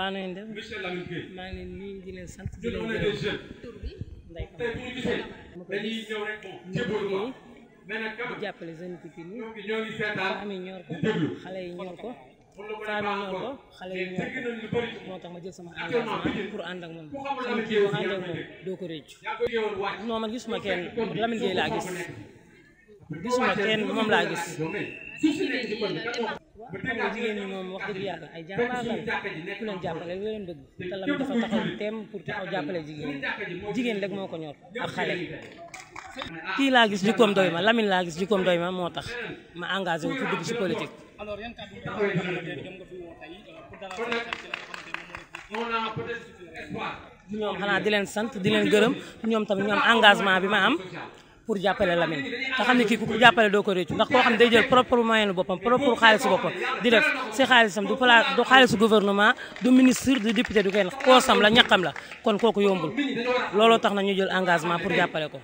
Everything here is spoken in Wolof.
waaw na ngeen maa ngi leen di sant di leen ma jàppale seen Pikine ko xale yi ñor ko femme yi moo tax ma jël sama engagement pour ànd ak doo ko réccu non man gisuma kenn Lamine Gueye laa gis gisuma kenn moom laa gis waaw jigéen ñi moom ay jàmbaar lañ ku leen jàppale lu leen bëgg te lam dafa taxaw teem pour taxaw jàppale jigéen ñi jigéen rek moo ko ñor ak xale kii laa gis jikkoom doy ma Lamine laa gis jikkoom doy ma moo tax ma engagé wu pour dugg ci ñoom xanaa di leen sant di leen gërëm ñoom tamit ñoom engagement bi ma am pour jàppale Lamine te xam ne kii ku jàppale doo ko réccu ndax koo xam ne day boppam propre xaalisu boppam di def si xaalisam du pla du xaalisu gouvernement du ministre du député du kenn koosam la ñaqam la kon kooku yombul looloo tax na ñu jël engagement pour jàppale ko